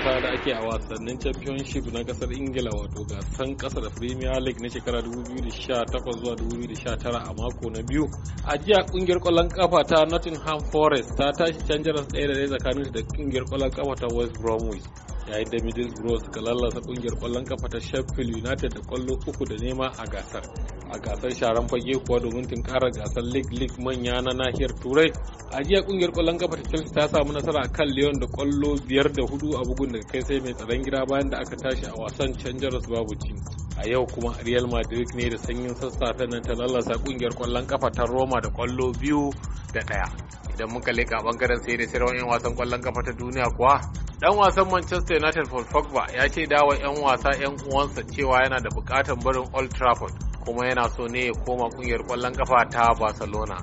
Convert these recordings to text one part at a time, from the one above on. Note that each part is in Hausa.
fafa da ake a wasannin championship na kasar ingila wato gasan kasa da premier league na shekara 2018 zuwa 2019 a mako na biyu a jiya kungiyar kwallon kafa ta nottingham forest ta tashi can jaras ɗaya da ɗaya tsakanin da kungiyar kwallon kafa ta west bromwich yayin da middlesbrough suka lallasa kungiyar kwallon kafa ta sheffield united da kwallo uku da nema a gasar a gasar sharan fage kuwa domin kara gasar league league manya na nahiyar turai a jiya kungiyar kwallon kafa ta chelsea ta samu nasara a kan leon da kwallo biyar da hudu a bugun daga kai sai mai tsaron gida bayan da aka tashi a wasan can babu ci a yau kuma real madrid ne da sanyin sassafe nan ta lalasa kungiyar kwallon kafa ta roma da kwallo biyu da daya idan muka leka bangaren sai da sayarwa 'yan wasan kwallon kafa ta duniya kuwa dan wasan Manchester United Paul Pogba ya ce dawa 'yan wasa 'yan uwansa cewa yana da bukatar barin Old Trafford kuma yana so ne ya koma kungiyar kwallon kafa ta barcelona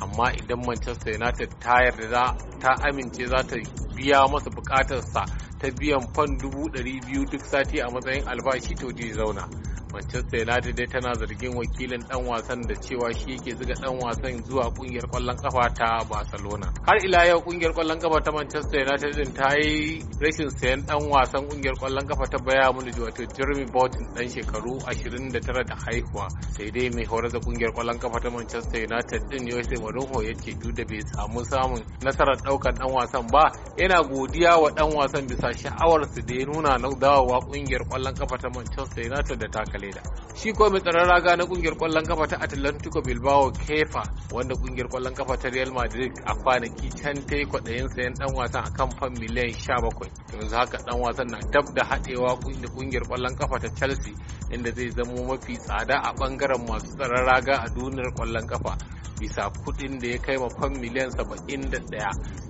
amma idan manchester united ta yarda ta amince za ta biya masa bukatarsa ta biyan fan dubu ɗari biyu duk sati a matsayin albashi to zai zauna manchester united dai tana zargin wakilin dan wasan da cewa shi yake zuga dan wasan zuwa kungiyar kwallon kafa ta barcelona har ila yau kungiyar kwallon kafa ta manchester united din ta yi rashin sayan dan wasan kungiyar kwallon kafa ta baya munich wato jeremy botin dan shekaru 29 da haihuwa sai dai mai horar da kungiyar kwallon kafa ta manchester united din jose mourinho yake ce bai samu samun nasarar daukan dan wasan ba yana godiya wa dan wasan bisa sha'awar su da ya nuna na dawowa kungiyar kwallon kafa ta manchester united da taka leda shi kuwa mai tsaron raga na kungiyar kwallon kafa ta Atlantico Bilbao Kefa wanda kungiyar kwallon kafa ta Real Madrid a kwanaki can ta yi kwaɗayin sayan dan wasan a kan fan miliyan 17 yanzu haka dan wasan na dab da haɗewa da kungiyar kwallon kafa ta Chelsea inda zai zamo mafi tsada a bangaren masu tsaron raga a duniyar kwallon kafa bisa kuɗin da ya kai mafan miliyan 71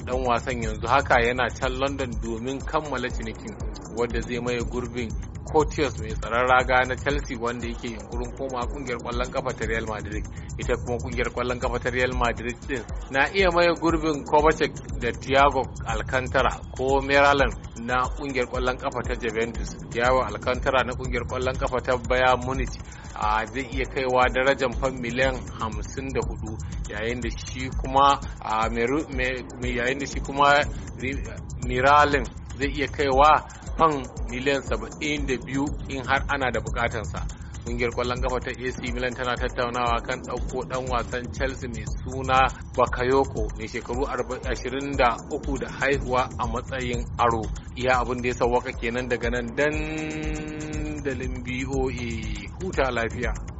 dan wasan yanzu haka yana can London domin kammala cinikin wadda zai maye gurbin Courtiers mai tsaron raga na Chelsea wanda yake yunkurin koma kungiyar kwallon kafa ta Real Madrid ita kuma kungiyar kwallon kafa ta Real Madrid din na iya maye gurbin Kovacic da Thiago Alcantara ko Meralan na kungiyar kwallon kafa ta Juventus Thiago Alcantara na kungiyar kwallon kafa ta Bayern Munich a zai iya kaiwa darajar fan miliyan 54 yayin da shi kuma a yayin da shi kuma miralin zai iya kaiwa fan miliyan biyu in har ana da bukatansa ƙungiyar kwallon kafa ta AC Milan tana tattaunawa kan ɗauko ɗan wasan Chelsea mai suna Bakayoko mai shekaru 23 da haihuwa a matsayin aro. Iya abin da ya sauwaka kenan daga nan dandalin BOA huta lafiya.